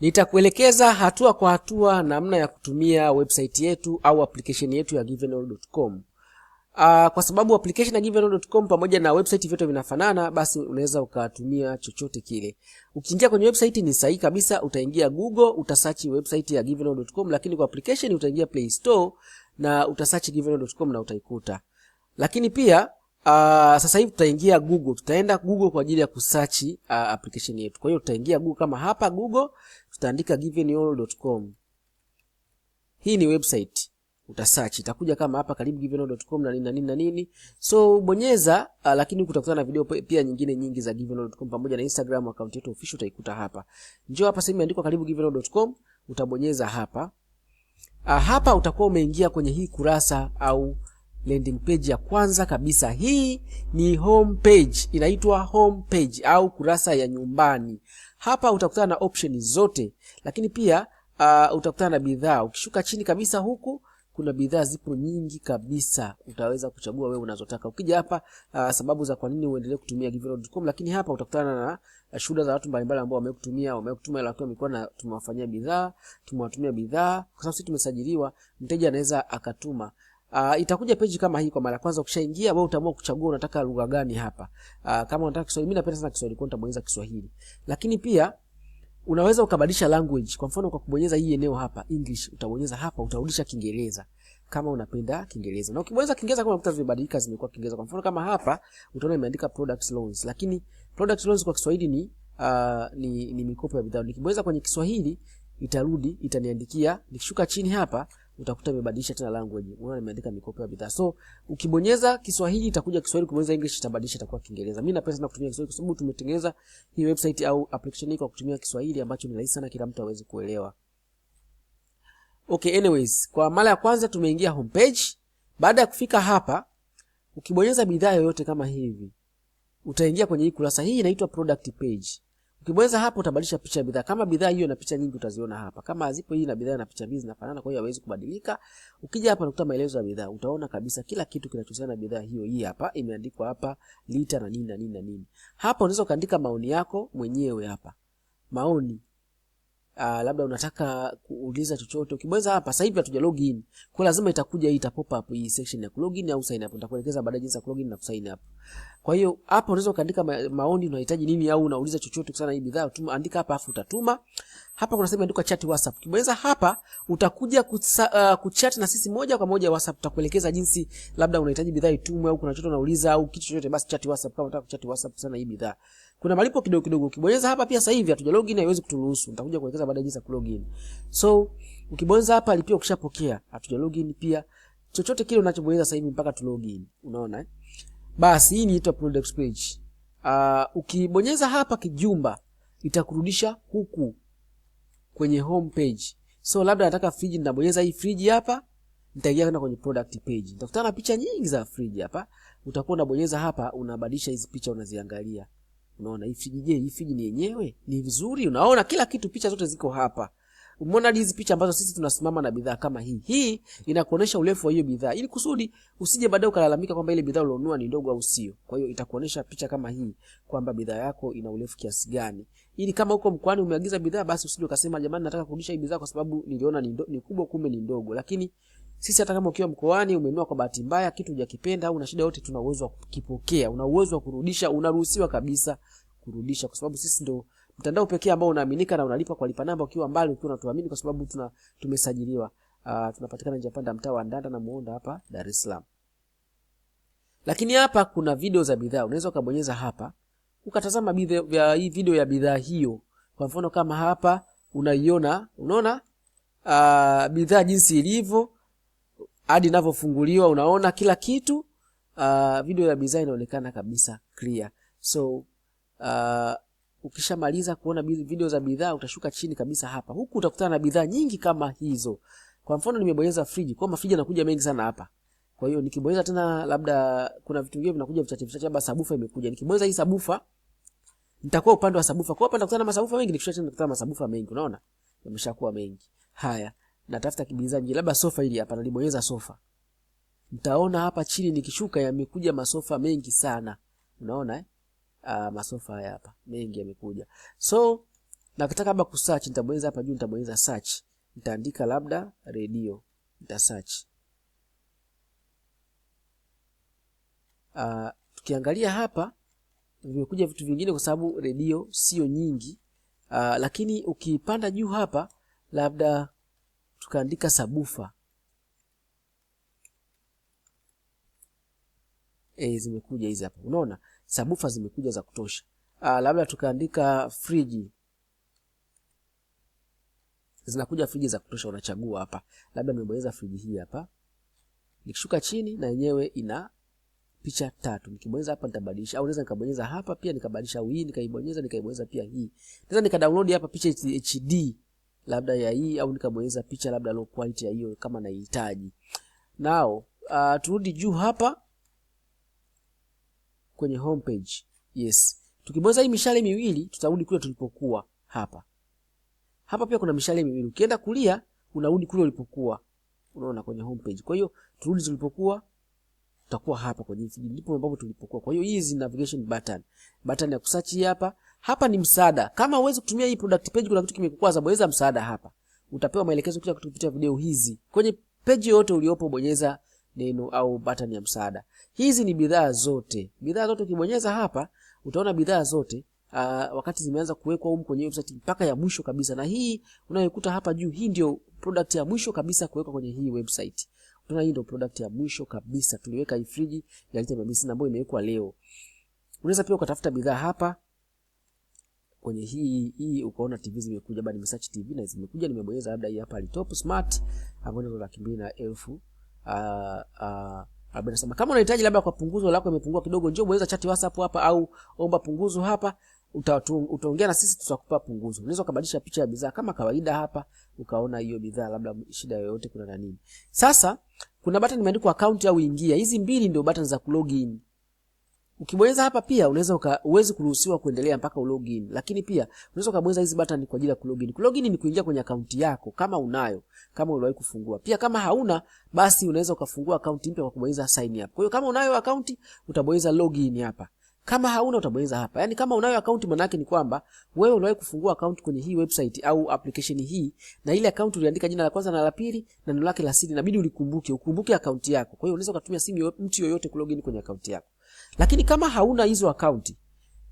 Nitakuelekeza hatua kwa hatua namna ya kutumia website yetu au application yetu ya givenall.com. Uh, ah, kwa sababu application ya givenall.com pamoja na website vyote vinafanana, basi unaweza ukatumia chochote kile. Ukiingia kwenye website ni sahihi kabisa, utaingia Google, utasearch website ya givenall.com, lakini kwa application utaingia Play Store na utasearch givenall.com na utaikuta. Lakini pia Uh, sasa hivi tutaingia Google, tutaenda Google kwa ajili ya kusearch uh, application yetu. Kwa hiyo tutaingia Google kama hapa Google, tutaandika givenall.com. Hii ni website. Utasearch itakuja kama hapa karibu givenall.com na nini na nini na nini. So bonyeza uh, lakini utakutana na video pia nyingine nyingi za givenall.com pamoja na Instagram account yetu official utaikuta hapa. Njoo hapa sehemu imeandikwa karibu givenall.com, utabonyeza hapa. Uh, hapa utakuwa umeingia kwenye hii kurasa au landing page ya kwanza kabisa. Hii ni home page, inaitwa home page au kurasa ya nyumbani. Hapa utakutana na option zote, lakini pia uh, utakutana na bidhaa. Ukishuka chini kabisa huku kuna bidhaa zipo nyingi kabisa, utaweza kuchagua wewe unazotaka. Ukija hapa uh, sababu za kwa nini uendelee kutumia Givenall.com, lakini hapa utakutana na uh, shuhuda za watu mbalimbali ambao wamekutumia wamekutuma, lakini wamekuwa na tumewafanyia bidhaa tumewatumia bidhaa, kwa sababu sisi tumesajiliwa, mteja anaweza akatuma Uh, itakuja peji kama hii kwa mara kwanza ukishaingia wewe utaamua kuchagua unataka lugha gani hapa. Uh, kama unataka Kiswahili, mimi napenda sana Kiswahili, kwa nitabonyeza Kiswahili. Lakini pia unaweza ukabadilisha language. Kwa mfano kwa kubonyeza hii eneo hapa English, utabonyeza hapa utarudisha Kiingereza kama unapenda Kiingereza. Na ukibonyeza Kiingereza kama unakuta vimebadilika zimekuwa Kiingereza. Kwa mfano kama hapa utaona imeandika products loans. Lakini products loans kwa Kiswahili ni uh, ni, ni mikopo ya bidhaa. Nikibonyeza kwenye Kiswahili itarudi itaniandikia, nikishuka chini hapa utakuta imebadilisha tena language. Unaona nimeandika mikopo ya bidhaa. So ukibonyeza Kiswahili itakuja Kiswahili, ukibonyeza English itabadilisha itakuwa Kiingereza. Mimi napenda sana kutumia Kiswahili kwa sababu tumetengeneza hii website au application hii kwa kutumia Kiswahili ambacho ni rahisi sana kila mtu aweze kuelewa. Okay, anyways, kwa mara ya kwanza tumeingia homepage. Baada ya kufika hapa, ukibonyeza bidhaa yoyote kama hivi, utaingia kwenye hii kurasa hii inaitwa product page. Ukibonyeza hapo utabadilisha picha ya bidhaa. Kama bidhaa hiyo na picha nyingi utaziona hapa. Kama hazipo hii na bidhaa na picha mbili zinafanana kwa hiyo haiwezi kubadilika. Ukija hapa nakuta maelezo ya bidhaa. Utaona kabisa kila kitu kinachohusiana na bidhaa hiyo hii hapa imeandikwa hapa lita na nini na nini na nini. Hapa unaweza kaandika maoni yako mwenyewe hapa. Maoni uh, labda unataka kuuliza chochote, ukibonyeza hapa sasa hivi hatuja log in, kwa lazima itakuja hii ita pop up hii section ya log in au sign up. Nitakuelekeza baadaye jinsi ya log in na sign up. Kwa hiyo hapa unaweza ukaandika maoni unahitaji nini, au unauliza chochote kuhusiana na hii bidhaa, tuma andika hapa, afu utatuma hapa. Kuna sehemu imeandikwa chat WhatsApp, ukibonyeza hapa utakuja kutsa, uh, ah, kuchat na sisi moja kwa moja WhatsApp. Tutakuelekeza jinsi labda unahitaji bidhaa itumwe, au kuna chochote unauliza, au kitu chochote, basi chat WhatsApp kama unataka kuchat WhatsApp sana hii bidhaa kuna malipo kidogo kidogo. Ukibonyeza hapa pia sasa hivi hatuja login haiwezi kuturuhusu. Nitakuja kuelekeza baadaye jinsi ya kulogin. So ukibonyeza hapa lipia ukishapokea, hatuja login pia. Chochote kile unachobonyeza sasa hivi mpaka tu login. Unaona eh? Basi hii inaitwa product page. Uh, ukibonyeza hapa kijumba itakurudisha huku kwenye home page. So labda nataka friji, ninabonyeza hii friji hapa, nitaingia kwenda kwenye product page. Nitakutana na picha nyingi za friji hapa. Utakuwa unabonyeza hapa, unabadilisha hizi picha unaziangalia. Unaona Ifiji, je, Ifiji ni yenyewe ni vizuri, unaona kila kitu, picha zote ziko hapa. Umeona hizi picha ambazo sisi tunasimama na bidhaa kama hii. Hii inakuonesha urefu wa hiyo bidhaa ili kusudi usije baadaye ukalalamika kwamba ile bidhaa ulionunua ni ndogo au sio. Kwa hiyo itakuonesha picha kama hii kwamba bidhaa yako ina urefu kiasi gani. Ili kama uko mkoani umeagiza bidhaa basi usije ukasema jamani, nataka kurudisha hii bidhaa kwa sababu niliona ni, ni kubwa kumbe ni ndogo. Lakini sisi hata kama ukiwa mkoani umenua kwa bahati mbaya kitu hujakipenda au na shida yote, tuna uwezo wa kukipokea, una uwezo wa kurudisha, unaruhusiwa kabisa kurudisha, kwa sababu sisi ndo mtandao pekee ambao unaaminika na unalipa kwa lipa namba ukiwa mbali, ukiwa unatuamini kwa sababu tuna tumesajiliwa. Uh, tunapatikana njia panda mtaa wa Ndanda na Muhonda hapa Dar es Salaam. Lakini hapa kuna video za bidhaa, unaweza ukabonyeza hapa ukatazama bidhaa hii, video ya bidhaa hiyo. Kwa mfano kama hapa unaiona, unaona uh, bidhaa jinsi ilivyo hadi inavyofunguliwa unaona kila kitu uh, video ya bidhaa inaonekana kabisa clear. So uh, ukishamaliza kuona video za bidhaa utashuka chini kabisa hapa, huku utakutana na bidhaa nyingi kama hizo. Kwa mfano nimebonyeza friji, kwa mafriji yanakuja mengi sana hapa. Kwa hiyo nikibonyeza tena, labda kuna vitu vingine vinakuja vichache vichache, labda sabufa imekuja. Nikibonyeza hii sabufa nitakuwa upande wa sabufa, kwa hapa nitakutana na masabufa mengi, nikishuka tena nitakutana na masabufa mengi. Unaona yameshakuwa mengi haya natafuta kibiriza mjini, labda sofa hili hapa, nalibonyeza sofa. Mtaona hapa chini nikishuka yamekuja masofa mengi sana, unaona eh? Ah, masofa haya hapa mengi yamekuja. So nakitaka labda kusearch, nitabonyeza hapa juu, nitabonyeza search, nitaandika labda redio, nita search. Uh, tukiangalia hapa vimekuja vitu vingine, kwa sababu redio sio nyingi. uh, lakini ukipanda juu hapa labda tukaandika sabufa e, zimekuja hizi hapa. Unaona sabufa zimekuja za kutosha. Ah, labda tukaandika friji, zinakuja friji za kutosha. Unachagua hapa, labda nimebonyeza friji hii hapa, nikishuka chini na yenyewe ina picha tatu. Nikibonyeza hapa nitabadilisha, au naweza nikabonyeza hapa pia nikabadilisha, hii nikaibonyeza nikaibonyeza pia hii. Naweza nikadownload hapa picha HD labda ya hii au nikamweleza picha labda low quality ya hiyo kama naihitaji. Now uh, turudi juu hapa kwenye homepage. Yes. Tukibonyeza hii mishale miwili tutarudi kule tulipokuwa hapa. Hapa pia kuna mishale miwili. Ukienda kulia unarudi kule ulipokuwa. Unaona kwenye homepage. Kwa hiyo turudi tulipokuwa tutakuwa hapa kwenye feed, ndipo ambapo tulipokuwa. Kwa hiyo hii is navigation button, button ya kusearch hapa. Hapa ni msaada. Kama huwezi kutumia hii product page, kuna kitu kimekukwaza, bonyeza msaada hapa, utapewa maelekezo kila kitu kupitia video hizi. Kwenye page yote uliopo, bonyeza neno au button ya msaada. Hizi ni bidhaa zote, bidhaa zote ukibonyeza hapa utaona bidhaa zote uh, wakati zimeanza kuwekwa huko kwenye website mpaka ya mwisho kabisa, na hii unayokuta hapa juu, hii ndio product ya mwisho kabisa kuwekwa kwenye hii website. Tuna hii ndio product ya mwisho kabisa tuliweka hii friji ya lita 250 ambayo imewekwa leo. Unaweza pia ukatafuta bidhaa hapa kwenye hii hii ukaona TV zimekuja, bado nimesearch TV na zimekuja, nimebonyeza labda hii hapa Top Smart ambayo ni laki mbili na elfu arobaini ah, ah, na saba. Kama unahitaji labda kwa punguzo lako imepungua kidogo, njoo bonyeza chat WhatsApp hapa au omba punguzo hapa utaongea na sisi, tutakupa punguzo. Unaweza kubadilisha picha ya bidhaa kama kawaida hapa, ukaona hiyo bidhaa labda shida yoyote kuna na nini. Sasa kuna button imeandikwa account au ingia. Hizi mbili ndio button za kulogin. Ukibonyeza hapa pia unaweza uwezi kuruhusiwa kuendelea mpaka ulogin, lakini pia unaweza ukabonyeza hizi button kwa ajili ya kulogin. Kulogin ni kuingia kwenye account yako kama unayo, kama uliwahi kufungua. Pia kama hauna basi unaweza ukafungua account mpya kwa kubonyeza sign up. Kwa hiyo kama unayo account utabonyeza login hapa. Kama hauna utabonyeza hapa. yani kama unayo akaunti manake ni kwamba wewe unawahi kufungua akaunti kwenye hii website au application hii na ile akaunti uliandika jina la kwanza na la pili na neno lake la siri inabidi ulikumbuke, ukumbuke akaunti yako. Kwa hiyo unaweza kutumia simu mtu yoyote kulogin kwenye akaunti yako. Lakini kama hauna hizo akaunti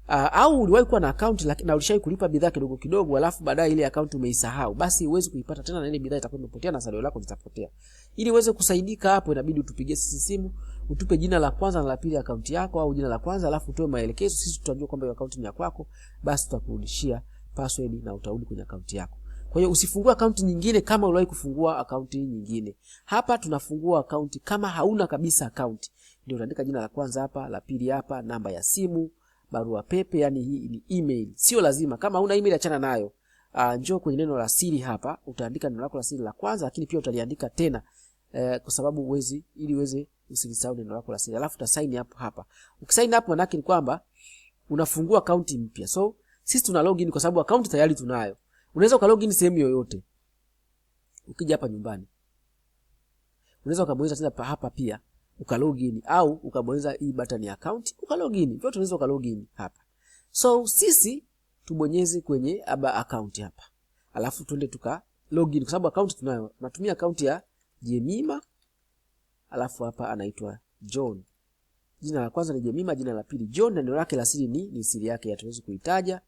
Uh, au uliwahi kuwa na akaunti na ulishawahi kulipa bidhaa kidogo kidogo, alafu baadaye ile akaunti umeisahau, basi huwezi kuipata tena, na ile bidhaa itakuwa imepotea na salio lako litapotea. Ili uweze kusaidika hapo, inabidi utupigie sisi simu utupe jina la kwanza na la pili akaunti yako, au jina la kwanza alafu utoe maelekezo, sisi tutajua kwamba hiyo akaunti ni ya kwako, basi tutakurudishia password na utarudi kwenye akaunti yako. Kwa hiyo usifungue akaunti nyingine kama uliwahi kufungua akaunti nyingine. Hapa tunafungua akaunti kama hauna kabisa akaunti. Ndio utaandika jina la kwanza hapa, la pili hapa, namba ya simu, barua pepe, yani hii ni email. Sio lazima kama una email achana nayo. Uh, njoo kwenye neno la siri hapa, utaandika neno lako la siri la kwanza, lakini pia utaliandika tena Eh, kwa sababu uwezi ili uweze usilisahau neno lako la siri. Alafu ta sign up hapa. Ukisign up maana yake ni kwamba unafungua account mpya. So sisi tuna login kwa sababu account tayari tunayo. Unaweza uka login sehemu yoyote. Ukija hapa nyumbani. Unaweza ukabonyeza tena hapa pia uka login au ukabonyeza hii button ya account uka login. Vyote unaweza uka login hapa. So sisi tubonyeze kwenye aba account hapa. Alafu tuende tuka login kwa sababu account tunayo. Natumia account ya Jemima, alafu hapa anaitwa John. Jina la kwanza ni Jemima, jina la pili John, na neno lake la siri ni ni siri yake, hatuwezi kuitaja.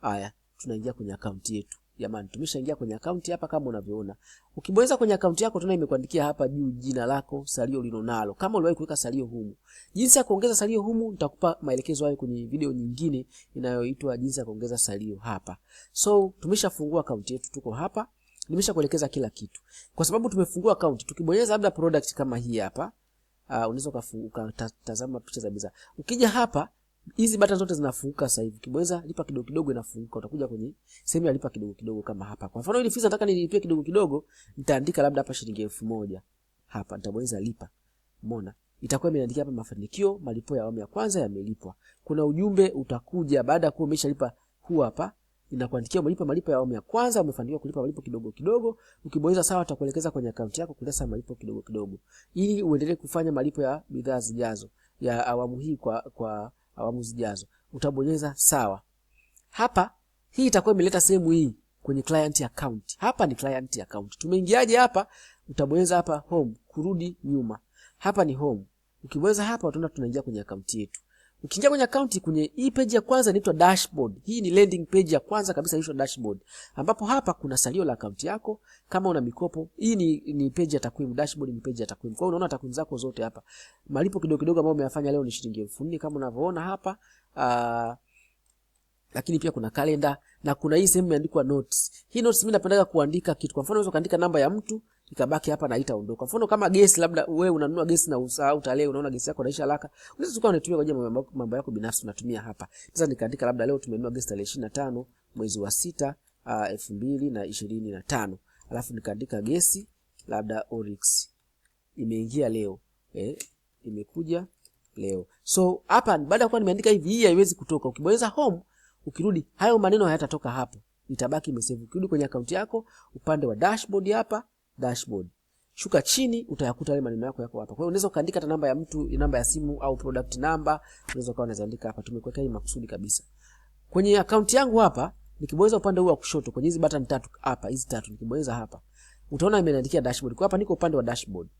Haya, tunaingia kwenye akaunti yetu. Jamani, tumeshaingia kwenye akaunti hapa kama unavyoona. Ukibonyeza kwenye akaunti yako tena imekuandikia hapa juu jina lako, salio ulilonalo. Kama uliwahi kuweka salio humu. Jinsi ya kuongeza salio humu nitakupa maelekezo hayo kwenye video nyingine inayoitwa jinsi ya kuongeza salio hapa. So, tumeshafungua akaunti yetu tuko hapa nimeshakuelekeza kila kitu, kwa sababu tumefungua account. Tukibonyeza labda product kama hii hapa, uh, unaweza ukatazama picha za bidhaa. Ukija hapa hizi button zote zinafunguka sasa hivi. Ukibonyeza lipa kidogo kidogo inafunguka. Utakuja kwenye sehemu ya lipa kidogo kidogo kama hapa. Kwa mfano ile fisa nataka nilipie kidogo kidogo, nitaandika labda hapa shilingi elfu moja. Hapa nitabonyeza lipa. Umeona? Itakuwa imeandika hapa mafanikio, malipo ya awamu ya kwanza yamelipwa. Kuna ujumbe utakuja baada ya kuwa umeshalipa huu hapa inakuandikia umelipa malipo ya awamu ya kwanza, umefanikiwa kulipa malipo kidogo kidogo. Ukibonyeza sawa, atakuelekeza kwenye akaunti yako kuleta malipo kidogo kidogo, ili uendelee kufanya malipo ya bidhaa zijazo ya awamu hii kwa, kwa awamu zijazo utabonyeza sawa. Hapa hii itakuwa imeleta sehemu hii kwenye client account. Hapa ni client account. Tumeingiaje hapa? Utabonyeza hapa home kurudi nyuma. Hapa ni home. Ukibonyeza hapa utaona tunaingia kwenye akaunti yetu. Ukiingia kwenye account kwenye hii page ya kwanza inaitwa dashboard. Hii ni landing page ya kwanza kabisa inaitwa dashboard. Ambapo hapa kuna salio la account yako kama una mikopo. Hii ni, ni page ya takwimu, dashboard ni page ya takwimu. Kwa hiyo unaona takwimu zako zote hapa. Malipo kidogo kidogo ambayo umeyafanya leo ni shilingi 4000 kama unavyoona hapa. Uh, lakini pia kuna kalenda na kuna hii sehemu imeandikwa notes. Hii notes mimi napendaga kuandika kitu. Kwa mfano unaweza kuandika namba ya mtu, ikabaki hapa na itaondoka. Mfano kama gesi, labda wewe unanunua gesi na usahau tarehe, unaona gesi yako inaisha haraka, unaweza ukawa unatumia kwa ajili mambo yako binafsi, unatumia hapa. Sasa nikaandika labda leo tumenunua gesi tarehe 25 mwezi wa sita ah, elfu mbili na ishirini na tano alafu nikaandika gesi labda Oryx imeingia leo eh, imekuja leo. So hapa baada ya kuwa nimeandika hivi, hii haiwezi kutoka. Ukibonyeza home ukirudi, hayo maneno hayatatoka hapo, itabaki imesave. Ukirudi kwenye akaunti yako upande wa dashboard hapa ya dashboard. Shuka chini utayakuta yale maneno yako yako hapa. Kwa hiyo unaweza ukaandika hata namba ya mtu, namba ya simu au product number, unaweza ukawa unaweza andika hapa. Tumekuweka hii makusudi kabisa. Kwenye account yangu hapa, nikibonyeza upande huu wa kushoto kwenye hizi button tatu hapa, hizi tatu nikibonyeza hapa, utaona imeandikia dashboard. Kwa hapa niko upande wa dashboard.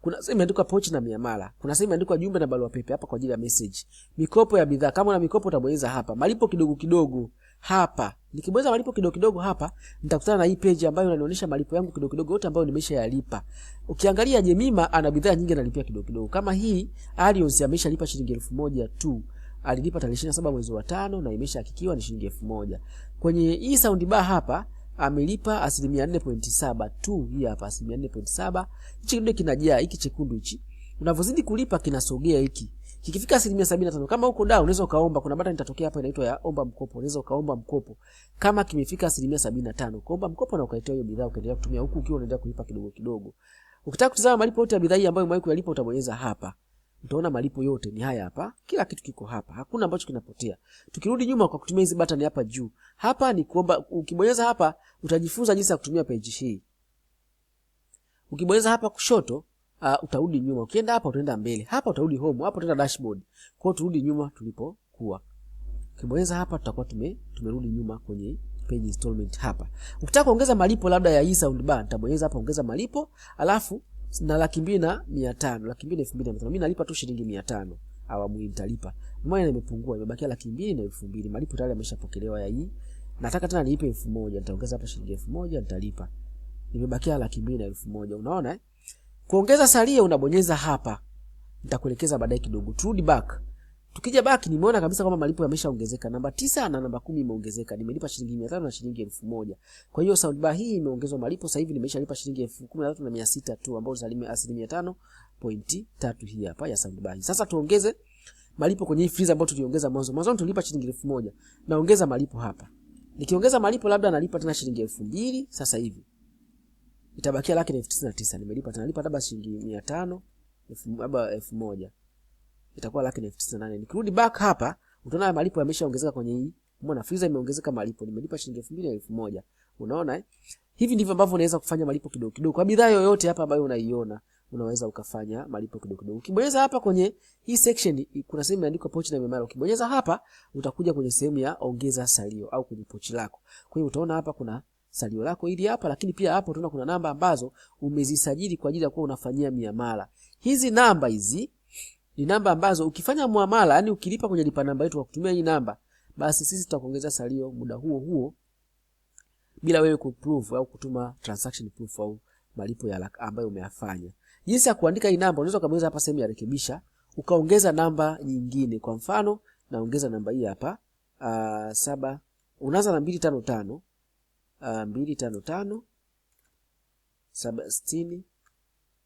Kuna sehemu imeandikwa pochi na miamala. Kuna sehemu imeandikwa jumbe na barua pepe hapa kwa ajili ya message. Mikopo ya bidhaa, kama una mikopo utabonyeza hapa. Malipo kidogo kidogo hapa. Nikibonyeza malipo kidogo kidogo hapa, nitakutana na hii page ambayo inanionyesha malipo yangu kidogo kidogo yote ambayo nimeshayalipa. Ukiangalia Jemima ana bidhaa nyingi analipia kidogo kidogo. Kama hii Alios ameshalipa shilingi elfu moja tu. Alilipa tarehe 27 mwezi wa tano na imeshahakikiwa ni shilingi elfu moja. Kwenye hii sound bar hapa amelipa asilimia 4.7 tu, hii hapa asilimia 4.7. Hichi kidogo kinajaa hiki chekundu hichi. Unavyozidi kulipa kinasogea hiki. Kikifika asilimia sabini na tano kama uko down unaweza ukaomba. Kuna button itatokea hapa inaitwa ya omba mkopo, unaweza ukaomba mkopo kama kimefika asilimia sabini na tano kuomba mkopo na ukaitoa hiyo bidhaa ukaendelea kutumia huku ukiwa unaendelea kulipa kidogo kidogo. Ukitaka kutazama malipo yote ya bidhaa hii ambayo umewahi kuyalipa utabonyeza hapa, utaona malipo yote ni haya hapa, kila kitu kiko hapa, hakuna ambacho kinapotea. Tukirudi nyuma kwa kutumia hizi button hapa juu, hapa ni kuomba. Ukibonyeza hapa utajifunza jinsi ya kutumia page hii. Ukibonyeza hapa kushoto uh, utarudi nyuma. Ukienda hapa utaenda mbele, hapa utarudi home, hapa utaenda dashboard. Kwa hiyo turudi nyuma tulipokuwa. Ukibonyeza hapa tutakuwa tume, tumerudi nyuma kwenye page installment hapa. Ukitaka kuongeza malipo labda ya hii Bar, nitabonyeza hapa ongeza malipo, alafu na laki mbili na mia tano, laki mbili na elfu mbili na mia tano. Mimi nalipa tu shilingi mia tano awamu hii nitalipa. Maana imepungua, imebakia laki mbili na elfu mbili. Malipo tayari yameshapokelewa ya hii. Nataka tena nilipe elfu moja, nitaongeza hapa shilingi elfu moja nitalipa. Imebakia laki mbili na elfu moja. Unaona eh? Kuongeza salia unabonyeza hapa. Nitakuelekeza baadaye kidogo. Turudi back. Tukija back nimeona kabisa kwamba malipo yameshaongezeka. Namba tisa na namba kumi imeongezeka. Nimelipa shilingi 500 na shilingi 1000. Kwa hiyo soundbar hii imeongezwa malipo. Sasa hivi nimeshalipa shilingi na 13600 tu ambayo ni asilimia 5.3 hii hapa ya soundbar hii. Sasa tuongeze malipo kwenye hii freezer ambayo tuliongeza mwanzo. Mwanzo tulipa shilingi 1000. Naongeza malipo hapa. Nikiongeza malipo labda nalipa tena shilingi 2000 sasa hivi itabakia laki na elfu tisini na tisa nimelipa tanalipa labda shilingi mia tano labda elfu moja itakuwa laki na elfu tisini na nane Nikirudi back hapa utaona malipo yameshaongezeka kwenye hii, umeona freezer imeongezeka malipo, nimelipa shilingi elfu mbili na elfu moja Unaona eh? Hivi ndivyo ambavyo unaweza kufanya malipo kidogo kidogo kwa bidhaa yoyote hapa ambayo unaiona unaweza ukafanya malipo kidogo kidogo. Ukibonyeza hapa kwenye hii section kuna sehemu imeandikwa pochi na miamala. Ukibonyeza hapa utakuja kwenye sehemu ya ongeza salio au kwenye pochi lako. Kwa hiyo utaona hapa kuna salio lako hili hapa, lakini pia hapo tunaona kuna namba ambazo umezisajili kwa ajili ya kuwa unafanyia miamala. Hizi namba hizi ni namba ambazo ukifanya muamala, yani ukilipa kwenye lipa namba yetu kwa kutumia hii namba, basi sisi tutakuongezea salio muda huo huo bila wewe kuprove au kutuma transaction proof au malipo ya laka ambayo umeyafanya. Jinsi ya kuandika hii namba unaweza ukamweza hapa sehemu ya rekebisha, ukaongeza namba nyingine. Kwa mfano naongeza namba hii hapa uh, saba unaanza na mbili tano tano Ah, mbili tano tano saba sifuri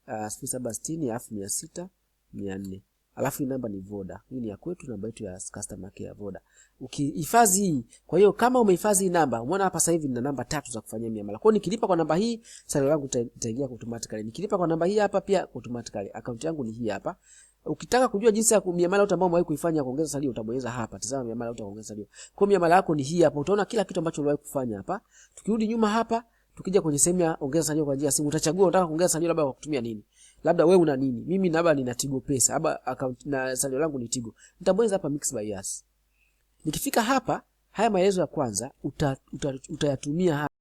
ah, saba sitini alafu mia sita mia nne alafu hii namba ni Voda. Hii ni ya kwetu, namba yetu ya customer care ya Voda. Ukihifadhi hii, kwa hiyo kama umehifadhi hii namba, umeona hapa sasa hivi nina namba tatu za kufanyia miamala. Kwa hiyo nikilipa kwa namba hii, salary yangu itaingia automatically. Nikilipa kwa namba hii hapa pia automatically. Account yangu ni hii hapa. Ukitaka kujua jinsi ya miamala yote ambayo umewahi kuifanya kuongeza salio utabonyeza hapa. Tazama miamala yote kuongeza salio. Kwa miamala yako ni hii hapa. Utaona kila kitu ambacho uliwahi kufanya hapa. Tukirudi nyuma hapa, tukija kwenye sehemu ya ongeza salio kwa njia ya simu, utachagua unataka kuongeza salio labda kwa kutumia nini. Labda wewe una nini? Mimi labda nina Tigo Pesa. Labda account na salio langu ni Tigo. Nitabonyeza hapa Mix by Yas. Nikifika hapa, haya maelezo ya kwanza utayatumia uta, uta uta hapa.